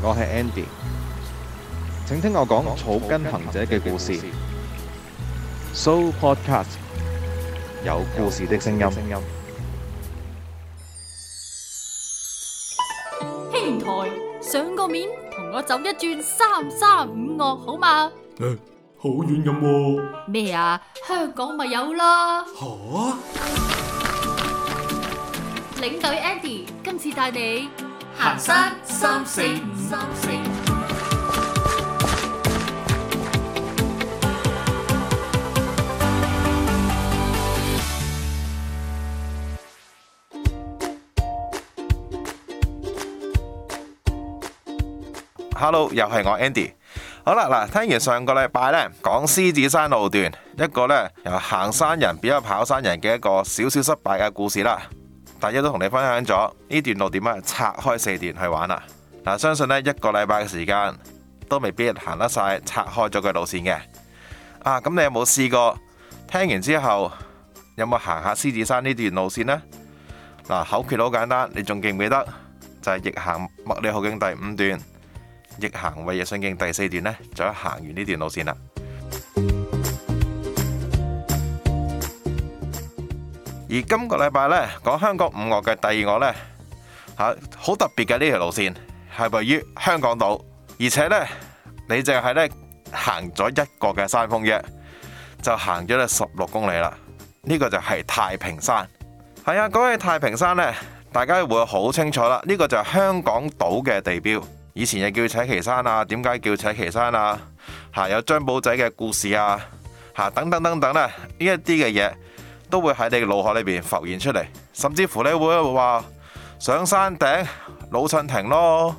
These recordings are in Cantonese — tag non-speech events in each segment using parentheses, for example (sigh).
我係 Andy，請聽我講草根行者嘅故事。So podcast 有故事的聲音。兄台，上個面同我走一轉三三五嶽好嘛？誒，好遠咁？咩啊？香港咪有啦！好啊！領隊 Andy 今次帶你。行山三四五。Hello，又係我 Andy。好啦，嗱，聽完上個禮拜呢講獅子山路段，一個呢由行山人變咗跑山人嘅一個小小失敗嘅故事啦。大家都同你分享咗呢段路點樣拆開四段去玩啦。嗱，相信呢一個禮拜嘅時間都未必行得晒拆開咗嘅路線嘅。啊，咁你有冇試過聽完之後有冇行下獅子山呢段路線呢？嗱，口訣好簡單，你仲記唔記得就係、是、逆行麥理浩徑第五段，逆行衛奕信徑第四段呢，就一行完呢段路線啦。而今個禮拜呢，講香港五岳嘅第二岳呢，吓、啊、好特別嘅呢條路線係位於香港島，而且呢，你淨係咧行咗一個嘅山峰啫，就行咗咧十六公里啦。呢、這個就係太平山，係啊，講、那、起、個、太平山呢，大家會好清楚啦。呢、這個就係香港島嘅地標，以前又叫扯旗山啊，點解叫扯旗山啊？吓有張保仔嘅故事啊，吓等等等等呢，呢一啲嘅嘢。都會喺你嘅腦海裏邊浮現出嚟，甚至乎你會話上山頂老襯亭咯，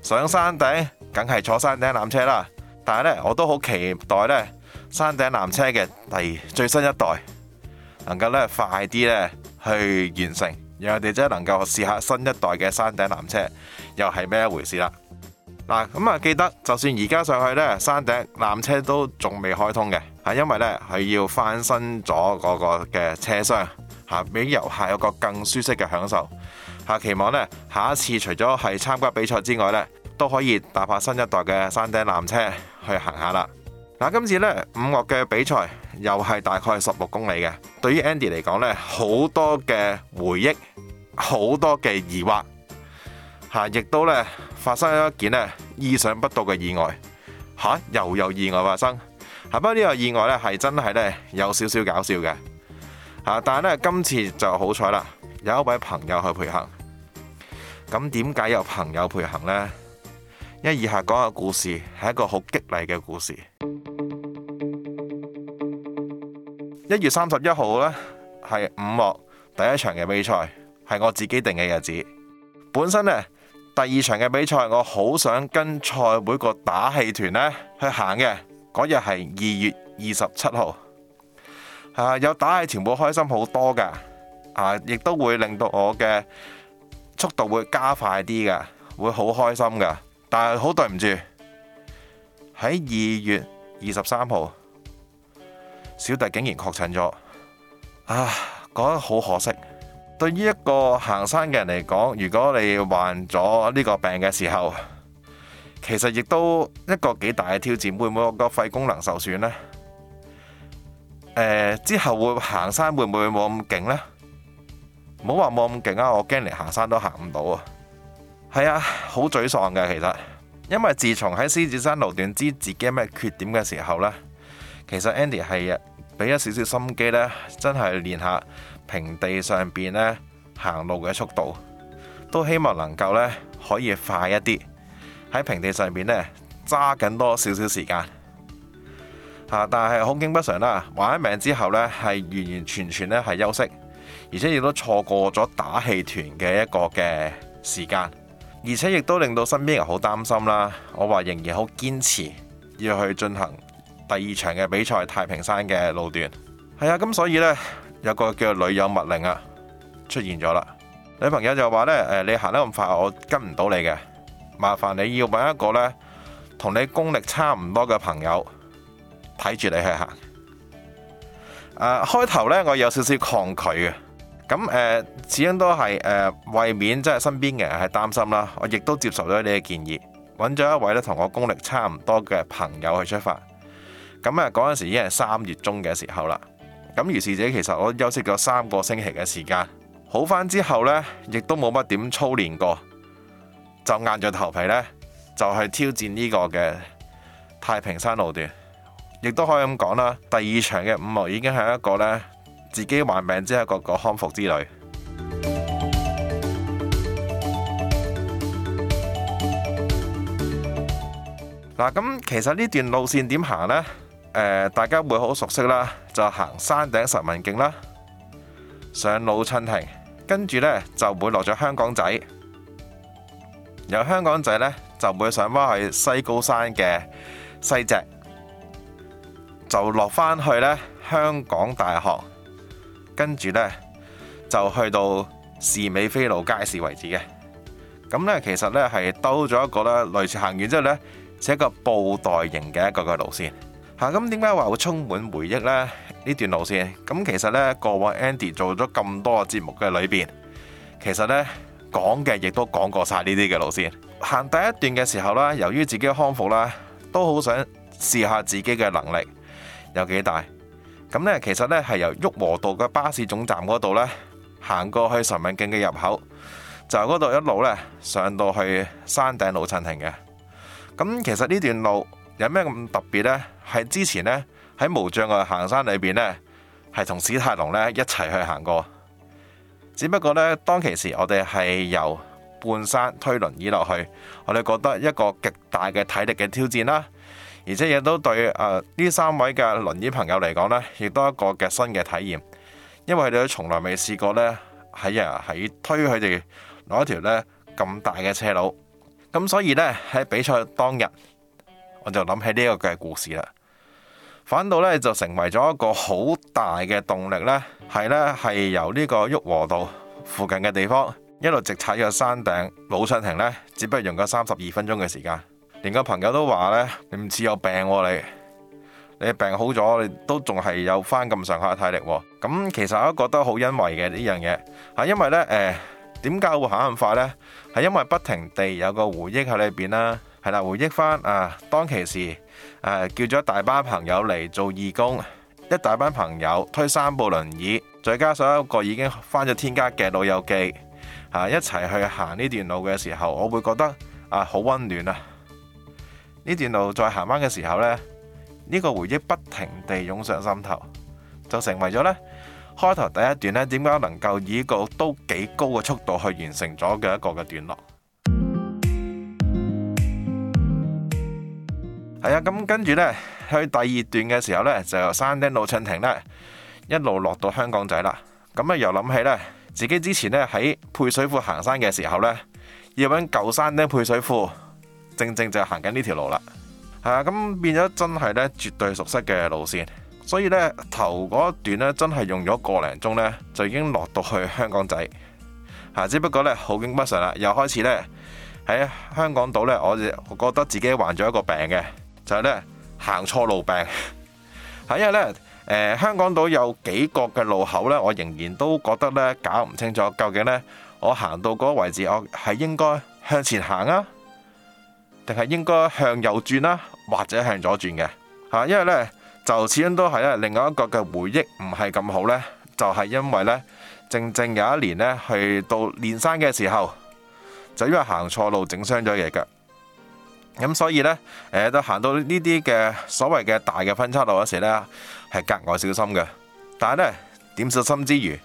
上山頂梗係坐山頂纜車啦。但係呢，我都好期待呢山頂纜車嘅第最新一代，能夠呢快啲呢去完成，讓我哋真能夠試下新一代嘅山頂纜車又係咩一回事啦。嗱，咁啊，記得就算而家上去呢山頂纜車都仲未開通嘅。啊，因為咧，佢要翻新咗嗰個嘅車廂，吓俾遊客有個更舒適嘅享受。吓期望咧，下一次除咗係參加比賽之外咧，都可以搭翻新一代嘅山頂纜車去行下啦。嗱，今次咧五嶽嘅比賽又係大概十六公里嘅，對於 Andy 嚟講咧，好多嘅回憶，好多嘅疑惑，吓亦都咧發生咗一件咧意想不到嘅意外，吓、啊、又有意外發生。不過呢個意外咧，係真係咧有少少搞笑嘅。但係咧今次就好彩啦，有一位朋友去陪行。咁點解有朋友陪行呢？因為以下講嘅故事係一個好激勵嘅故事。一月三十一號呢，係五幕第一場嘅比賽，係我自己定嘅日子。本身呢，第二場嘅比賽，我好想跟賽會個打氣團呢去行嘅。嗰日係二月二十七號，啊有打氣，全部開心好多噶啊亦都會令到我嘅速度會加快啲噶會好開心噶但係好對唔住，喺二月二十三號，小弟竟然確診咗，啊覺得好可惜。對於一個行山嘅人嚟講，如果你患咗呢個病嘅時候，其實亦都一個幾大嘅挑戰，會唔會個肺功能受損呢？誒，之後會行山會唔會冇咁勁呢？唔好話冇咁勁啊！我驚連行山都行唔到啊！係啊，好沮喪嘅其實，因為自從喺獅子山路段知自己咩缺點嘅時候呢，其實 Andy 係俾一少少心機呢，真係練下平地上邊呢行路嘅速度，都希望能夠呢可以快一啲。喺平地上面呢，揸緊多少少時間，嚇、啊！但係好景不常啦，玩一命之後呢，係完完全全呢，係休息，而且亦都錯過咗打氣團嘅一個嘅時間，而且亦都令到身邊人好擔心啦。我話仍然好堅持要去進行第二場嘅比賽，太平山嘅路段，係啊！咁所以呢，有個叫女友勿令啊出現咗啦，女朋友就話呢，誒你行得咁快，我跟唔到你嘅。麻煩你要搵一個呢，同你功力差唔多嘅朋友睇住你去行。誒、呃，開頭咧我有少少抗拒嘅，咁誒、呃、始終都係誒為免即係身邊嘅人係擔心啦，我亦都接受咗你嘅建議，搵咗一位咧同我功力差唔多嘅朋友去出發。咁啊嗰陣時已經係三月中嘅時候啦。咁如是者，其實我休息咗三個星期嘅時間，好返之後呢，亦都冇乜點操練過。就硬着頭皮呢，就去挑戰呢個嘅太平山路段，亦都可以咁講啦。第二場嘅五岳已經係一個呢自己患病之後個，個個康復之旅。嗱，咁 (music) 其實呢段路線點行呢、呃？大家會好熟悉啦，就行山頂十文徑啦，上老襯亭，跟住呢就會落咗香港仔。由香港仔呢，就會上返去西高山嘅西脊，就落返去呢香港大學，跟住呢，就去到士美菲路街市為止嘅。咁、嗯、呢，其實呢，係兜咗一個呢，類似行完之後呢，一個布袋型嘅一個嘅路線。吓、嗯，咁點解話會充滿回憶呢？呢段路線？咁、嗯、其實呢，過往 Andy 做咗咁多個節目嘅裏邊，其實呢。講嘅亦都講過晒呢啲嘅路線。行第一段嘅時候啦，由於自己嘅康復啦，都好想試下自己嘅能力有幾大。咁呢，其實呢係由旭和道嘅巴士總站嗰度呢，行過去神文徑嘅入口，就嗰度一路呢，上到去山頂老襯亭嘅。咁其實呢段路有咩咁特別呢？係之前呢，喺無障礙行山裏邊呢，係同史泰龍呢一齊去行過。只不過咧，當其時我哋係由半山推輪椅落去，我哋覺得一個極大嘅體力嘅挑戰啦，而且亦都對誒呢三位嘅輪椅朋友嚟講呢，亦都一個嘅新嘅體驗，因為佢哋都從來未試過呢，喺人喺推佢哋攞一條呢咁大嘅車路，咁所以呢，喺比賽當日，我就諗起呢個嘅故事啦。反倒咧就成為咗一個好大嘅動力咧，係咧係由呢個旭和道附近嘅地方一路直踩去山頂，冇暫停咧，只不過用咗三十二分鐘嘅時間，連個朋友都話咧，你唔似有病喎，啊、你，你病好咗，你都仲係有翻咁上下嘅體力，咁其實我都覺得好欣慰嘅呢樣嘢，吓，因為咧誒，點解會行咁快咧？係因為不停地有個回憶喺裏邊啦，係啦，回憶翻啊當其時。誒、啊，叫咗一大班朋友嚟做義工，一大班朋友推三部輪椅，再加上一個已經返咗天家嘅老友記，啊，一齊去行呢段路嘅時候，我會覺得啊，好溫暖啊！呢段路再行返嘅時候呢，呢、呢個回憶不停地湧上心頭，就成為咗呢，開頭第一段呢，點解能夠以個都幾高嘅速度去完成咗嘅一個嘅段落。係啊，咁跟住呢，去第二段嘅時候呢，就由山頂路盡停呢，一路落到香港仔啦。咁啊又諗起呢，自己之前呢，喺配水庫行山嘅時候呢，要搵舊山頂配水庫，正正就行緊呢條路啦。係啊，咁變咗真係呢，絕對熟悉嘅路線，所以呢，頭嗰段呢，真係用咗個零鐘呢，就已經落到去香港仔。吓，只不過呢，好景不常啦，又開始呢，喺香港島呢，我覺得自己患咗一個病嘅。就係、是、咧行錯路病，吓因為咧誒、呃、香港島有幾個嘅路口咧，我仍然都覺得咧搞唔清楚究竟咧我行到嗰個位置，我係應該向前行啊，定係應該向右轉啦、啊，或者向左轉嘅吓，因為咧就始終都係咧另外一個嘅回憶唔係咁好咧，就係、是、因為咧正正有一年咧去到練山嘅時候，就因為行錯路整傷咗隻腳。咁所以呢，誒，到行到呢啲嘅所謂嘅大嘅分叉路嗰時呢，係格外小心嘅。但係呢，點小心之餘，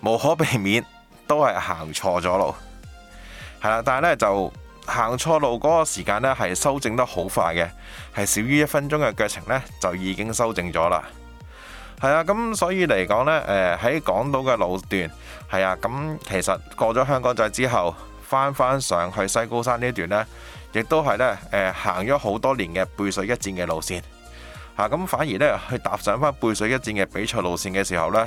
無可避免都係行錯咗路，係啦。但係呢，就行錯路嗰個時間呢，係修整得好快嘅，係少於一分鐘嘅腳程呢，就已經修整咗啦。係啊，咁所以嚟講呢，誒喺港島嘅路段係啊，咁其實過咗香港仔之後，翻返上去西高山呢段呢。亦都係咧，誒行咗好多年嘅背水一戰嘅路線嚇，咁反而咧去踏上返背水一戰嘅比賽路線嘅時候咧，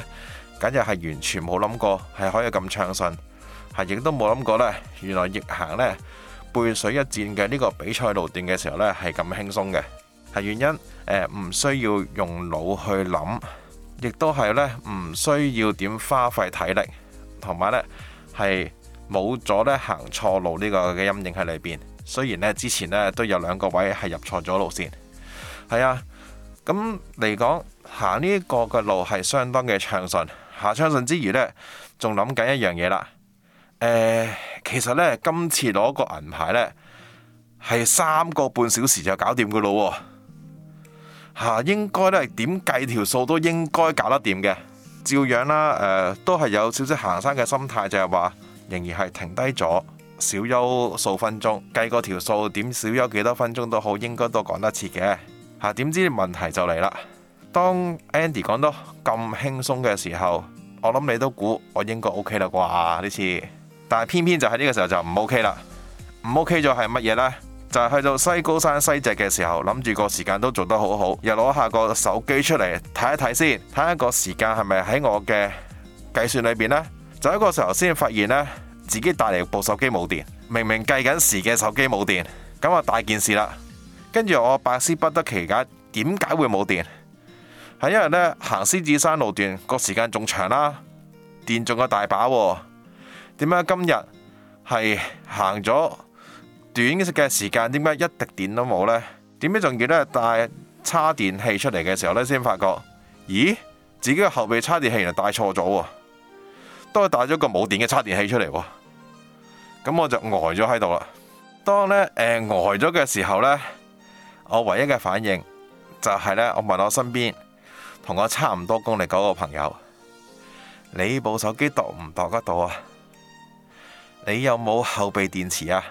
簡直係完全冇諗過係可以咁暢順，係亦都冇諗過咧，原來逆行咧背水一戰嘅呢個比賽路段嘅時候咧係咁輕鬆嘅，係原因誒，唔需要用腦去諗，亦都係咧唔需要點花費體力，同埋咧係冇咗咧行錯路呢個嘅陰影喺裏邊。雖然咧之前咧都有兩個位係入錯咗路線，係啊，咁嚟講行呢個嘅路係相當嘅暢順，行暢順之餘呢，仲諗緊一樣嘢啦。誒、呃，其實呢，今次攞個銀牌呢，係三個半小時就搞掂噶啦，吓應該咧點計條數都應該搞得掂嘅，照樣啦。誒、呃，都係有少少行山嘅心態，就係話仍然係停低咗。小休數分鐘，計個條數，點小休幾多分鐘都好，應該都講得切嘅。吓、啊，點知問題就嚟啦。當 Andy 講到咁輕鬆嘅時候，我諗你都估我應該 OK 啦啩呢次，但係偏偏就喺呢個時候就唔 OK 啦，唔 OK 咗係乜嘢呢？就係、是、去到西高山西脊嘅時候，諗住個時間都做得好好，又攞下個手機出嚟睇一睇先，睇下個時間係咪喺我嘅計算裏邊呢。就喺個時候先發現呢。自己帶嚟部手機冇電，明明計緊時嘅手機冇電，咁啊大件事啦。跟住我百思不得其解，點解會冇電？係因為呢行獅子山路段個時間仲長啦，電仲有大把啊。點解今日係行咗短嘅時間，點解一滴電都冇呢？點解仲要呢，帶叉電器出嚟嘅時候呢？先發覺，咦，自己嘅後備叉電器原來帶錯咗。都係帶咗個冇電嘅插電器出嚟，咁我就呆咗喺度啦。當呢，誒呆咗嘅時候呢，我唯一嘅反應就係呢：我問我身邊同我差唔多功力嗰個朋友：你部手機度唔度得到啊？你有冇後備電池啊？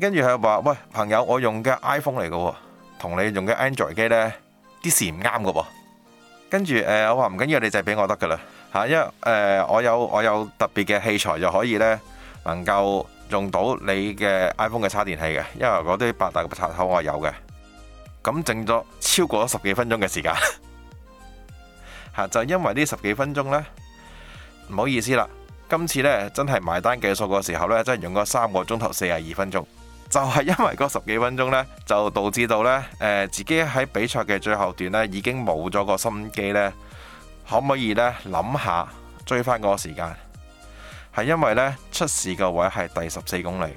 跟住佢話喂，朋友，我用嘅 iPhone 嚟嘅，同你用嘅 Android 機呢，啲事唔啱嘅。跟住誒，我話唔緊要，你就俾我得噶啦。嚇，因為我有我有特別嘅器材就可以咧，能夠用到你嘅 iPhone 嘅插電器嘅，因為嗰啲八大嘅插口我有嘅。咁剩咗超過咗十幾分鐘嘅時間，嚇就因為呢十幾分鐘呢，唔好意思啦，今次呢真係埋單計數嘅時候呢，真係用咗三個鐘頭四十二分鐘，就係因為嗰十幾分鐘呢，就導致到呢自己喺比賽嘅最後段呢已經冇咗個心機呢。可唔可以呢？諗下追返個時間？係因為呢，出事個位係第十四公，公里，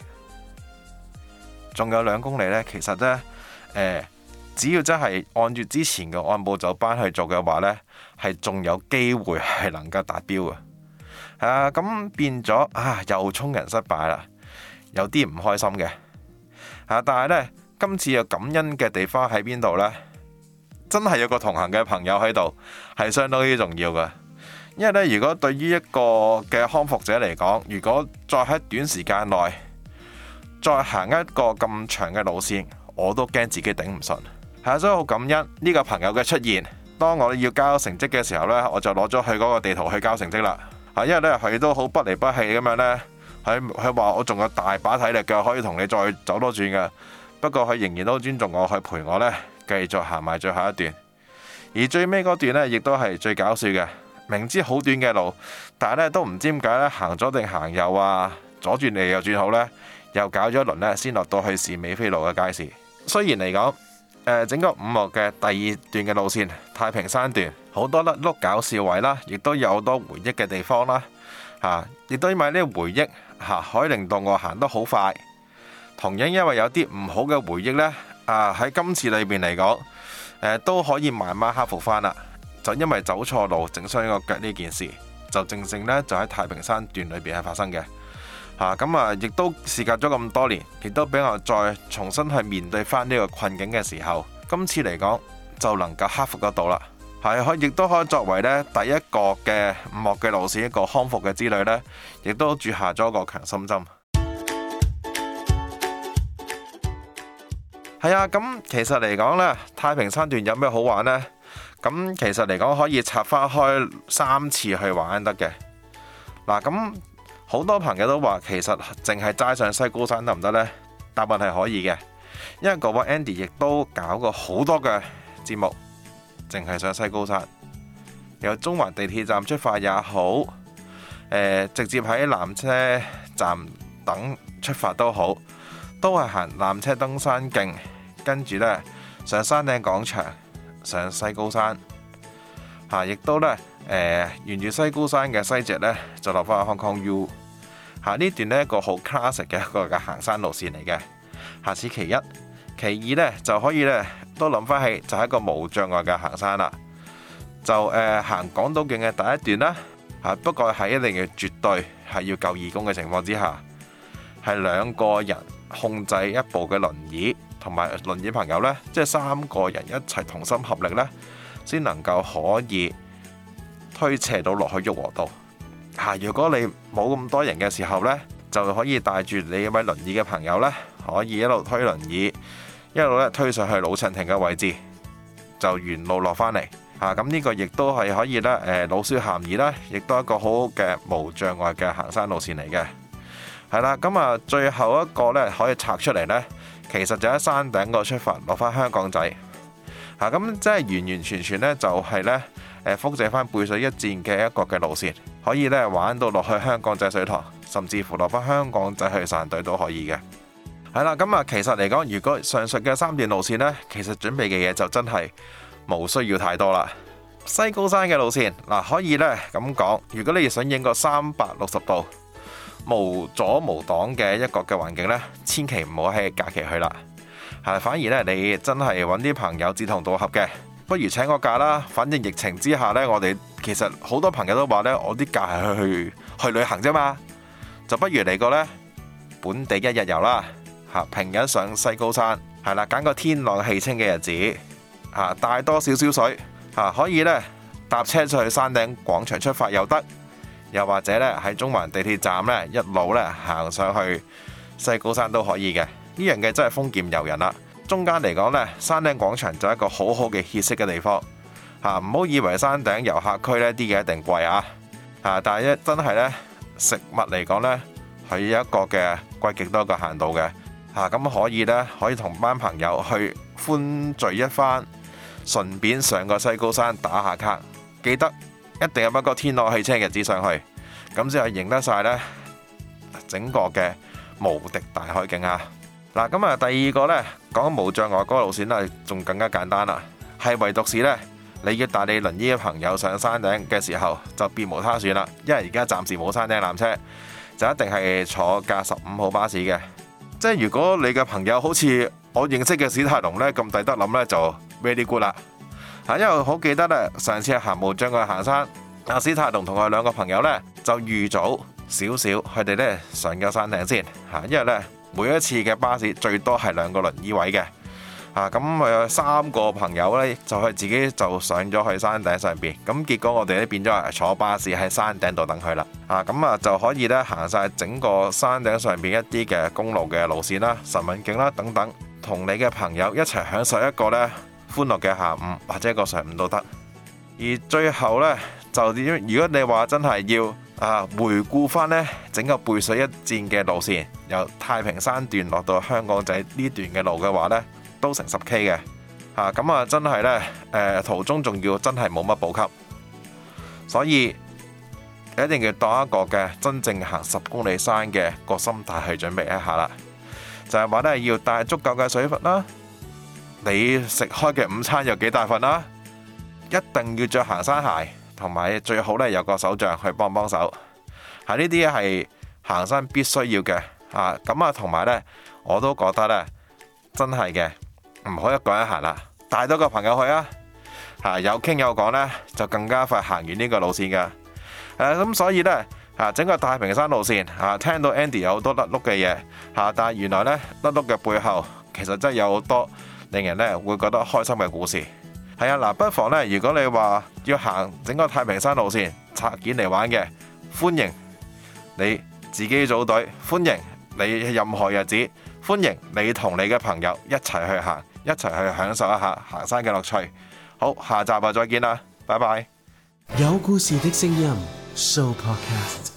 仲有兩公里呢。其實呢，只要真係按住之前嘅按步走班去做嘅話呢，係仲有機會係能夠達標嘅。啊，咁變咗啊，又衝人失敗啦，有啲唔開心嘅，啊。但係呢，今次有感恩嘅地方喺邊度呢？真係有個同行嘅朋友喺度，係相當之重要㗎！因為呢，如果對於一個嘅康復者嚟講，如果再喺短時間內再行一個咁長嘅路線，我都驚自己頂唔順。係，所以好感恩呢個朋友嘅出現。當我要交成績嘅時候呢，我就攞咗佢嗰個地圖去交成績啦。吓，因為呢，佢都好不離不棄咁樣呢，佢佢話我仲有大把體力嘅，可以同你再走多轉㗎！不過佢仍然都尊重我去陪我呢。繼續行埋最後一段，而最尾嗰段呢，亦都係最搞笑嘅。明知好短嘅路，但係呢都唔知點解呢，行左定行右啊，左轉嚟右轉好呢，又搞咗一輪呢，先落到去士美菲路嘅街市。雖然嚟講，整個五岳嘅第二段嘅路線太平山段，好多甩碌搞笑位啦，亦都有好多回憶嘅地方啦。亦都因為呢啲回憶吓，可以令到我行得好快，同樣因為有啲唔好嘅回憶呢。啊！喺今次裏邊嚟講，都可以慢慢克服返啦。就因為走錯路整傷這個腳呢件事，就正正呢，就喺太平山段裏邊係發生嘅。吓咁啊，亦、啊、都試隔咗咁多年，亦都比我再重新去面對翻呢個困境嘅時候，今次嚟講就能夠克服得到啦。係可亦都可以作為呢第一個嘅幕嘅路線一個康復嘅之旅呢，亦都注下咗個強心針。係啊，咁其實嚟講咧，太平山段有咩好玩呢？咁其實嚟講可以拆返開三次去玩得嘅。嗱，咁好多朋友都話，其實淨係齋上西高山得唔得呢？答案係可以嘅，因為過往 Andy 亦都搞過好多嘅節目，淨係上西高山，由中環地鐵站出發也好，呃、直接喺纜車站等出發都好，都係行纜車登山徑。跟住呢，上山頂廣場，上西高山吓，亦都呢誒，沿住西高山嘅西脊呢，就落翻 Hong Kong U 吓。呢段呢，一個好 classic 嘅一個嘅行山路線嚟嘅。下次其一，其二呢就可以呢都諗翻起就係一個無障礙嘅行山啦。就誒行港島徑嘅第一段啦吓，不過係一定要絕對係要夠義工嘅情況之下，係兩個人控制一部嘅輪椅。同埋輪椅朋友呢，即係三個人一齊同心合力呢，先能夠可以推斜到落去玉和道。嚇，如果你冇咁多人嘅時候呢，就可以帶住你位輪椅嘅朋友呢，可以一路推輪椅一路咧推上去老襯亭嘅位置，就沿路落返嚟。嚇、啊，咁呢個亦都係可以咧，誒老少咸宜啦，亦都係一個好嘅無障礙嘅行山路線嚟嘅。係啦，咁啊最後一個呢，可以拆出嚟呢。其實就喺山頂嗰度出發，落返香港仔吓，咁、啊、即係完完全全咧呢，就係咧誒，複製翻背水一戰嘅一個嘅路線，可以咧玩到落去香港仔水塘，甚至乎落返香港仔去散隊都可以嘅。係啦，咁啊，其實嚟講，如果上述嘅三段路線呢，其實準備嘅嘢就真係冇需要太多啦。西高山嘅路線嗱、啊，可以呢咁講，如果你要想影個三百六十度。無阻無擋嘅一個嘅環境呢，千祈唔好喺假期去啦，係反而呢，你真係揾啲朋友志同道合嘅，不如請個假啦。反正疫情之下呢，我哋其實好多朋友都話呢，我啲假係去去旅行啫嘛，就不如嚟個呢本地一日遊啦。吓，平日上西高山，係啦，揀個天朗氣清嘅日子，吓帶多少少水，吓可以呢，搭車出去山頂廣場出發又得。又或者咧，喺中環地鐵站咧一路咧行上去西高山都可以嘅，呢樣嘅真係豐儉由人啦。中間嚟講呢，山頂廣場就係一個好好嘅歇息嘅地方，吓唔好以為山頂遊客區呢啲嘢一定貴啊，吓但係咧真係呢，食物嚟講呢，係一個嘅貴極多個限度嘅，吓咁可以呢，可以同班朋友去歡聚一番，順便上個西高山打下卡，記得。一定係包個天朗氣清嘅日子上去，咁先係影得晒呢整個嘅無敵大海景啊！嗱，咁啊第二個呢，講無障礙嗰個路線咧，仲更加簡單啦，係唯獨是呢，你要帶你輪椅嘅朋友上山頂嘅時候，就別無他選啦，因為而家暫時冇山頂纜車，就一定係坐架十五號巴士嘅。即係如果你嘅朋友好似我認識嘅史泰龍呢，咁抵得諗呢，就 very good 啦。因為好記得咧，上次行無障礙行山，阿斯塔同同佢兩個朋友呢就預早少少，佢哋呢上咗山頂先。嚇，因為呢每一次嘅巴士最多係兩個輪椅位嘅。咁、啊、我有、啊、三個朋友呢就係自己就上咗去山頂上面。咁結果我哋咧變咗坐巴士喺山頂度等佢啦。啊，咁啊就可以呢行晒整個山頂上面一啲嘅公路嘅路線啦、神韻景啦等等，同你嘅朋友一齊享受一個呢。歡樂嘅下午或者一個上午都得，而最後呢，就點？如果你話真係要啊回顧翻呢整個背水一戰嘅路線，由太平山段落到香港仔呢段嘅路嘅話呢都成十 K 嘅吓，咁啊那真係呢、啊，途中仲要真係冇乜補給，所以一定要當一個嘅真正行十公里山嘅個心態去準備一下啦，就係、是、話呢，要帶足夠嘅水分啦。你食開嘅午餐有幾大份啦，啊？一定要着行山鞋，同埋最好咧有個手杖去幫幫手。係呢啲係行山必須要嘅啊。咁啊，同埋呢，我都覺得呢，真係嘅唔可以一個人行啦，帶多個朋友去啊。吓有傾有講呢，就更加快行完呢個路線噶。咁所以呢，啊，整個太平山路線啊，聽到 Andy 有好多甩碌嘅嘢，吓，但係原來呢，甩碌嘅背後其實真係有好多。令人咧會覺得開心嘅故事，係啊嗱，不妨咧，如果你話要行整個太平山路線拆件嚟玩嘅，歡迎你自己組隊，歡迎你任何日子，歡迎你同你嘅朋友一齊去行，一齊去享受一下行山嘅樂趣。好，下集啊再見啦，拜拜。有故事的聲音 Show podcast。